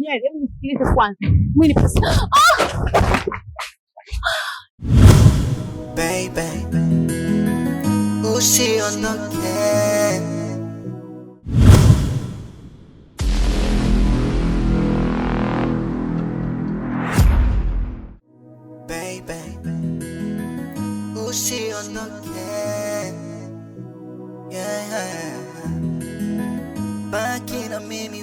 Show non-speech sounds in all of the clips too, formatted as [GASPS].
mwenyewe, hebu nisikilize one. Mimi ni pesa. Baby, usiondoke. Usiondoke, yeah. in a mimi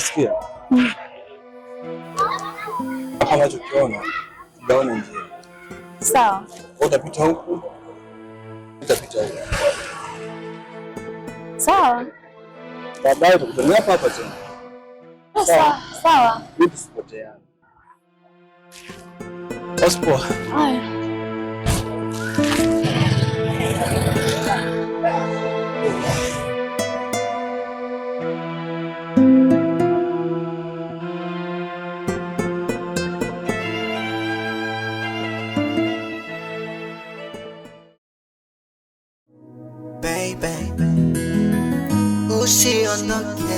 unachosikia hapa, unachokiona gaona njia sawa, utapita huku, utapita huku, sawa. Baadaye tukutane hapa hapa tena, sawa sawa, tusipoteane. Haya.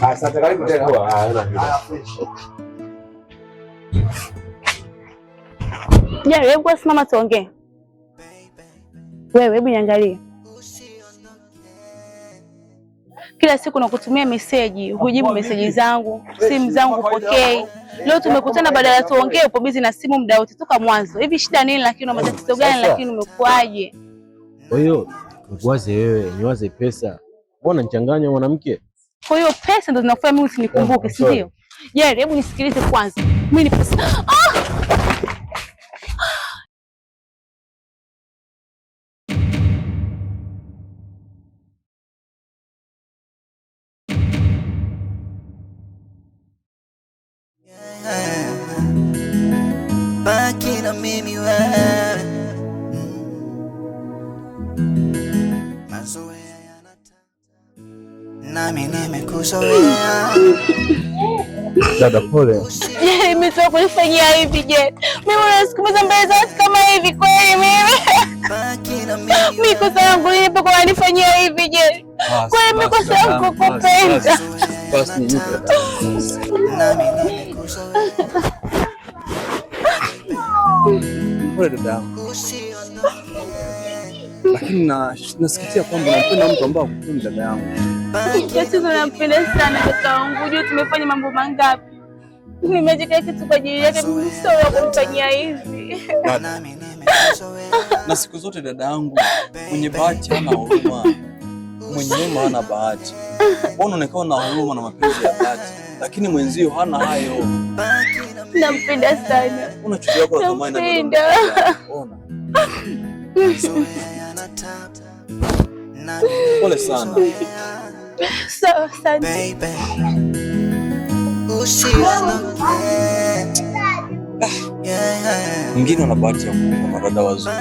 Asante, hebu simama tuongee. Wewe hebu niangalie, kila siku nakutumia meseji, hujibu meseji zangu, simu zangu upokei. Leo tumekutana, badala ya tuongee, upo bizi na simu muda wote toka mwanzo. Hivi shida nini? Lakini una matatizo gani? Lakini umekuaje? Kwa hiyo Nikuwaze wewe, niwaze pesa. Mbona nichanganya mwanamke? Kwa hiyo pesa ndo zinafanya mimi usinikumbuke, si ndio? Jeri, hebu nisikilize kwanza. Mimi ni pesa. [GASPS] Ah! Dada pole. [LAUGHS] Imetoka kunifanyia hivi je? Mimi unasikumiza mbele za watu kama hivi kweli mimi? Mimi [LAUGHS] yangu nini mpaka unanifanyia hivi je? Kweli mimi kosa yangu kukupenda. pole dada. Lakini nasikitia kwamba unapenda mtu ambaye hakupendi dada yangu nampenda sana kaka wangu. Jua tumefanya mambo mangapi, nimejika kitu kwa ajili yake, msowa kumfanyia hivi na siku zote dada yangu mwenye bahati hana huruma, mwenye wema hana bahati. Mbona unakuwa na huruma na mapenzi ya dhati, lakini mwenzio hana hayo. Nampenda sana, unachukia kwa thamani na ona. [LAUGHS] Pole sana so asante baby, mwingine ana bahati ya kupenda madada wazuri,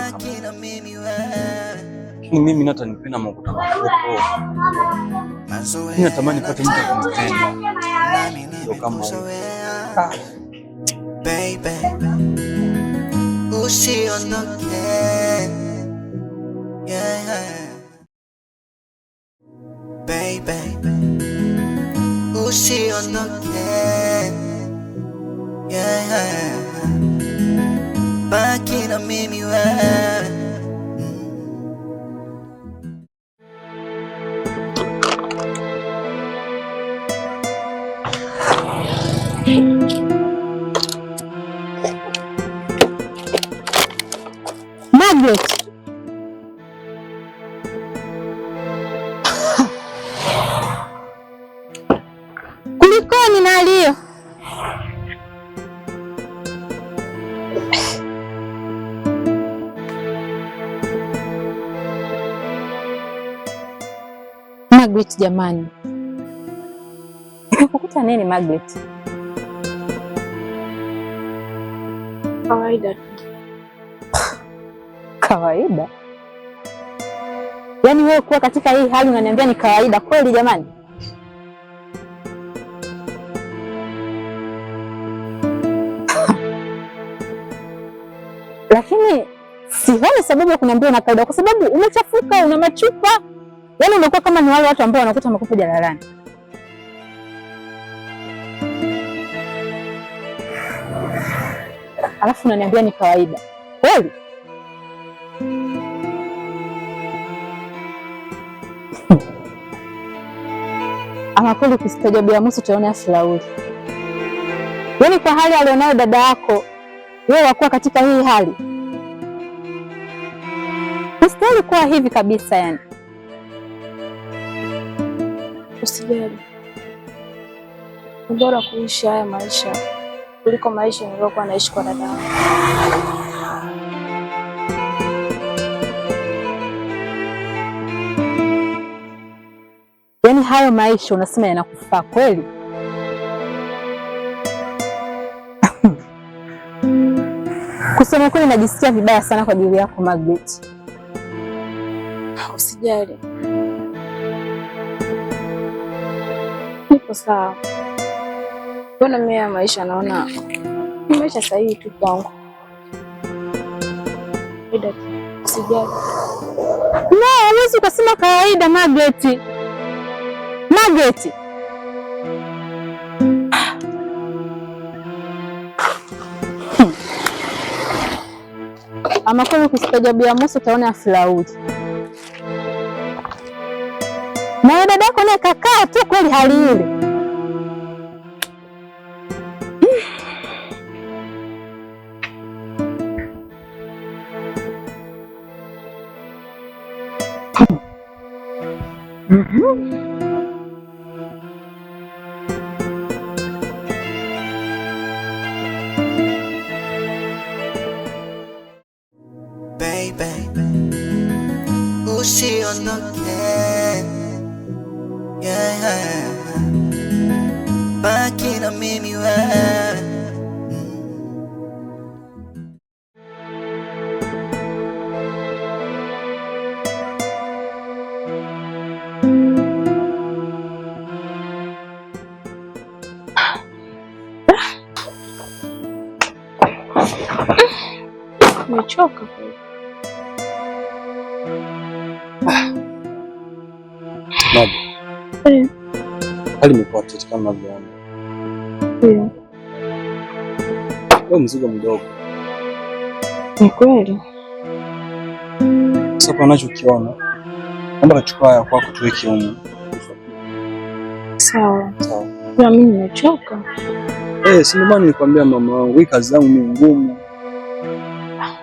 lakini mimi hata nipenda makuta mafuko, natamani pate mtu akunipenda kama baby, usiondoke baby. Who's she on the cat? Yeah, yeah. Back in a mimi world. Margaret, jamani, nimekukuta nini Margaret? Kawaida kawaida? Yaani wewe kuwa katika hii hali unaniambia ni kawaida kweli? Jamani, lakini sioni sababu ya kuniambia una kawaida, kwa sababu umechafuka, una machupa Yaani umekuwa kama ni wale watu ambao wanakuta makopo jalalani. Alafu unaniambia ni kawaida kweli? [LAUGHS] Ama kweli ukistaajabu ya Musa utaona firauli. Yaani kwa hali alionayo dada yako wewe wakuwa katika hii hali, mstahili kuwa hivi kabisa yani. Usijali, ni bora kuishi haya maisha kuliko maisha niliyokuwa naishi kwa dada Yaani hayo maisha unasema yanakufaa kweli? [COUGHS] Kusema kweli, najisikia vibaya sana kwa ajili yako Margaret. Usijali. iko sawa. Mbona mimi ya maisha naona maisha sahihi tu kwangu. Sijali. No, huwezi ukasema kawaida Margaret. Margaret. Hmm. Ama kweli kustajabu ya Musa utaona aflauli na dada yako naye kakaa tu kweli hali ile. Mm-hmm. Nimechoka. Eh. Hali imekuwa tete kama unavyoona. Ndio. Mzigo mdogo. Ni kweli. Sasa kwa nachokiona, naomba nachukua haya kwako tuweke humu. Sawa. Sawa. Mimi nimechoka. Eh, si ndio nilikwambia mama wangu, hii kazi yangu ni ngumu.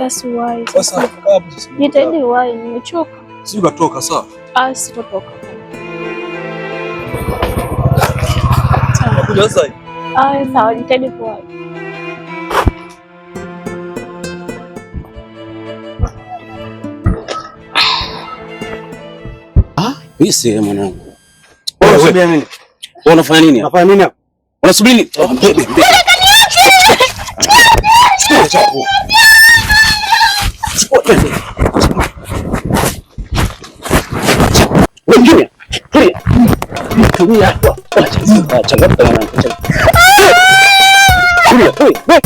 Basi uwahi sasa, jitahidi uwahi, nimechoka. Si utatoka sawa? Ah, sitotoka. Ah, sawa, jitahidi kuwahi. Mimi si mwanangu. Unasubiri nini? Wewe Unafanya nini? Unafanya nini hapo? Unasubiri nini? Mbebe, 원준이야 그래 그거야 와 장갑 동안 그래 그래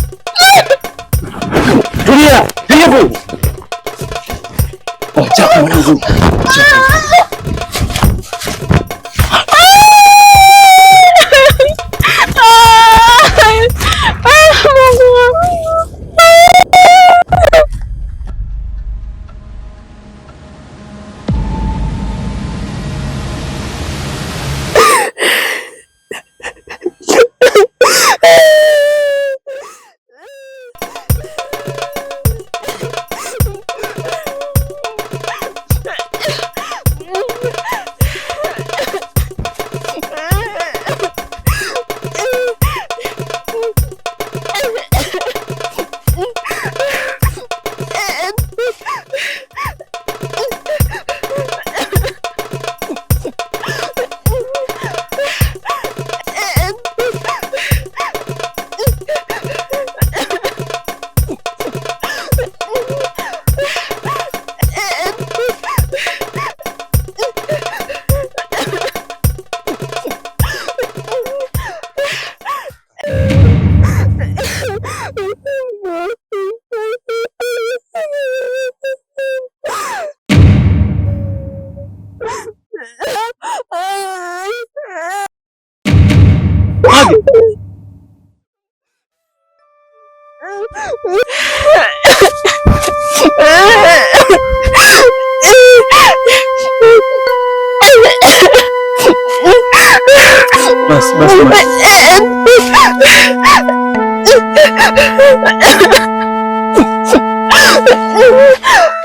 Oh, [LAUGHS]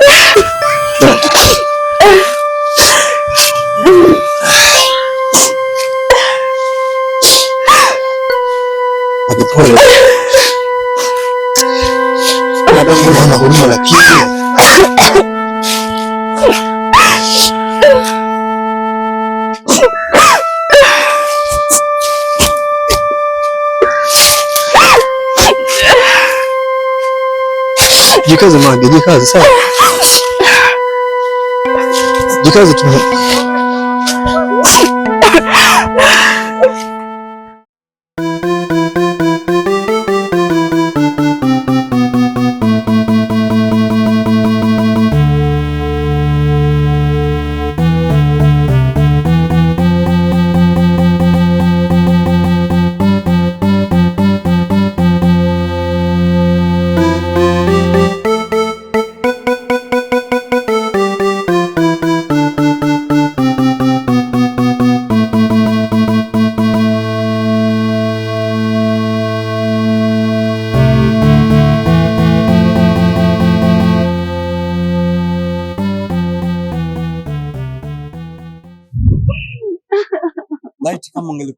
casa, sai. De casa, Timão.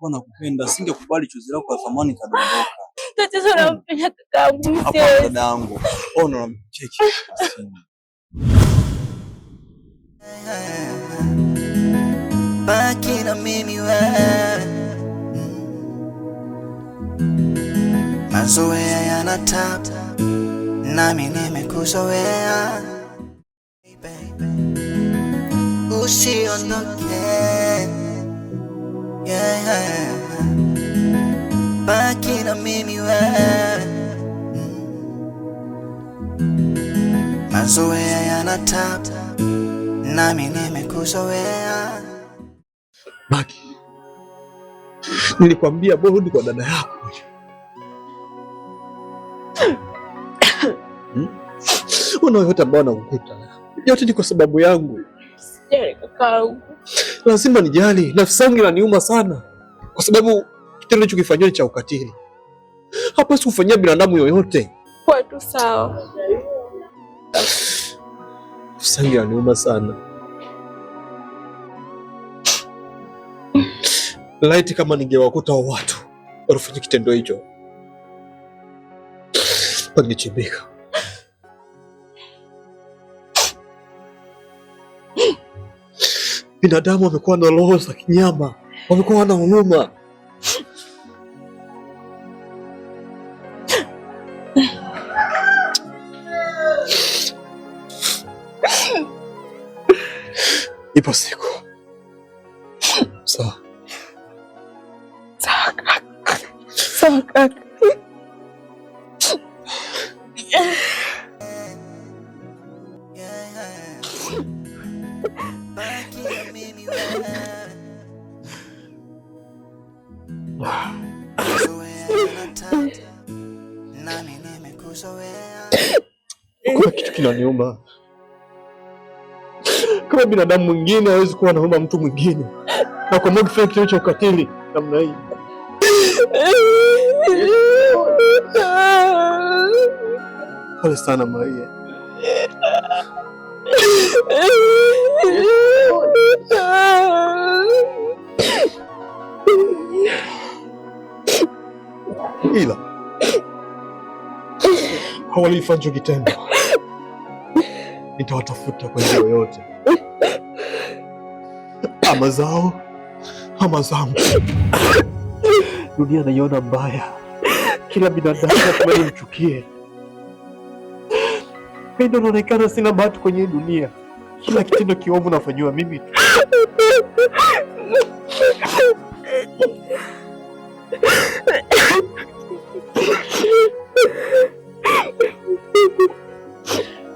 nilikuwa nakupenda, singekubali chozi lako la thamani kadondoka. Tatizo la mpenya hmm. kakaangu mzee. Dadangu. Ona oh, mcheki Baki na mimi wewe. Mazoea yanatata nami nimekuzoea, usiondoke yeah, yeah. Baki na mimi wewe, mazoea yanatata, nami nimekuzoea. Baki, nilikwambia borudi kwa dada yako hmm? Una yote ambayo anakukuta yote ni kwa sababu yangu usijali kakaangu. Lazima nijali, nafsi yangu inaniuma sana, kwa sababu kitendo hicho kifanyiwa ni cha ukatili, si kufanyia binadamu yoyote. Kwetu sawa. Nafsi yangu inaniuma sana. Laiti kama ningewakuta watu walifanya kitendo hicho pangechimika. Binadamu wamekuwa na roho za kinyama, wamekuwa wana huruma. Ipo siku sawa sawa kaka, sawa kaka kinaniuma. Kama binadamu mwingine hawezi kuwa anauma mtu mwingine, na kuamua kufanya kitendo cha ukatili namna hii. Pole sana Maria. Ila hawalifanya kitendo nitawatafuta kwa njia yoyote, ama zao ama zangu. Dunia naiona mbaya, kila binadamu lazima mchukie Pendo, naonekana sina bahati kwenye dunia, kila kitendo kiovu nafanyiwa mimi tu.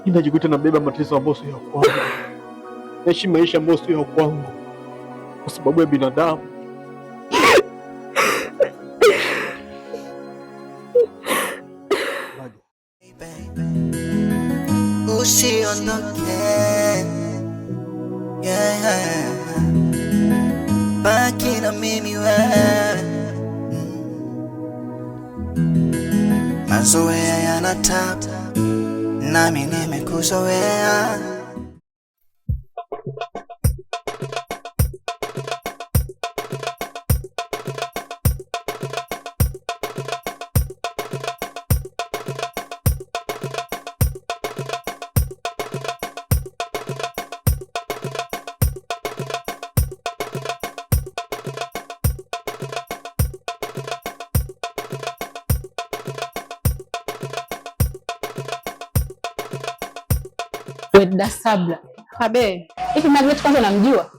ninajikuta nabeba matatizo ambayo sio ya kwangu, naishi maisha ambayo sio ya kwangu kwa sababu ya binadamu. Usiondoke, yeah. Baki na mimi wewe mazoea yanataka nami nimekuzoea. Weda Sabla. Hivi kwanza namjua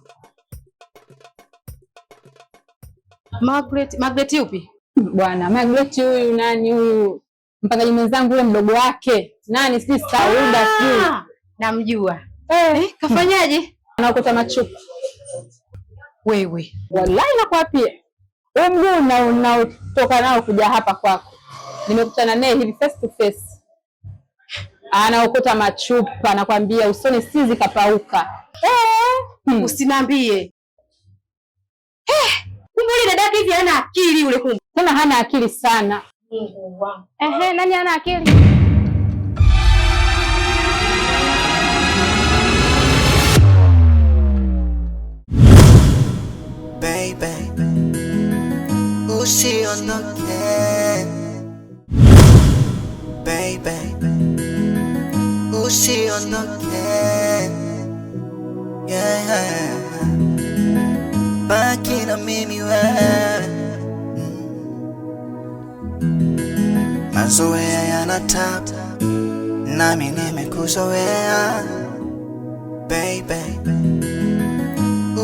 yupi? Bwana, Margaret huyu nani huyu? Mpangaji mwenzangu yule mdogo wake. Nani si Sauda ah, Namjua. Eh. eh, kafanyaje? Anaokota machupa. Wewe. Wallahi nakwapia. Wewe mguu unaotoka nao kuja hapa kwako. Nimekutana naye hivi face to face anaokota machupa, nakwambia usione sizi kapauka. Eh, hmm. Usinambie eh, kumbe ule dada hivi hana akili ule, kumbe kuna hana akili sana. ehe, nani hana akili? Baby, usiondoke Baby usiondoke, yeah. Baki na mimi wewe, mazoea yanatapa nami nimekuzoea baby,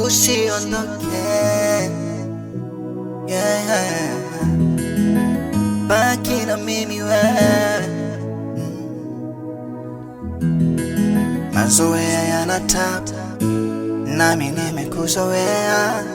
usiondoke, yeah. Baki na mimi wewe mazoea yanatap, nami nimekuzoea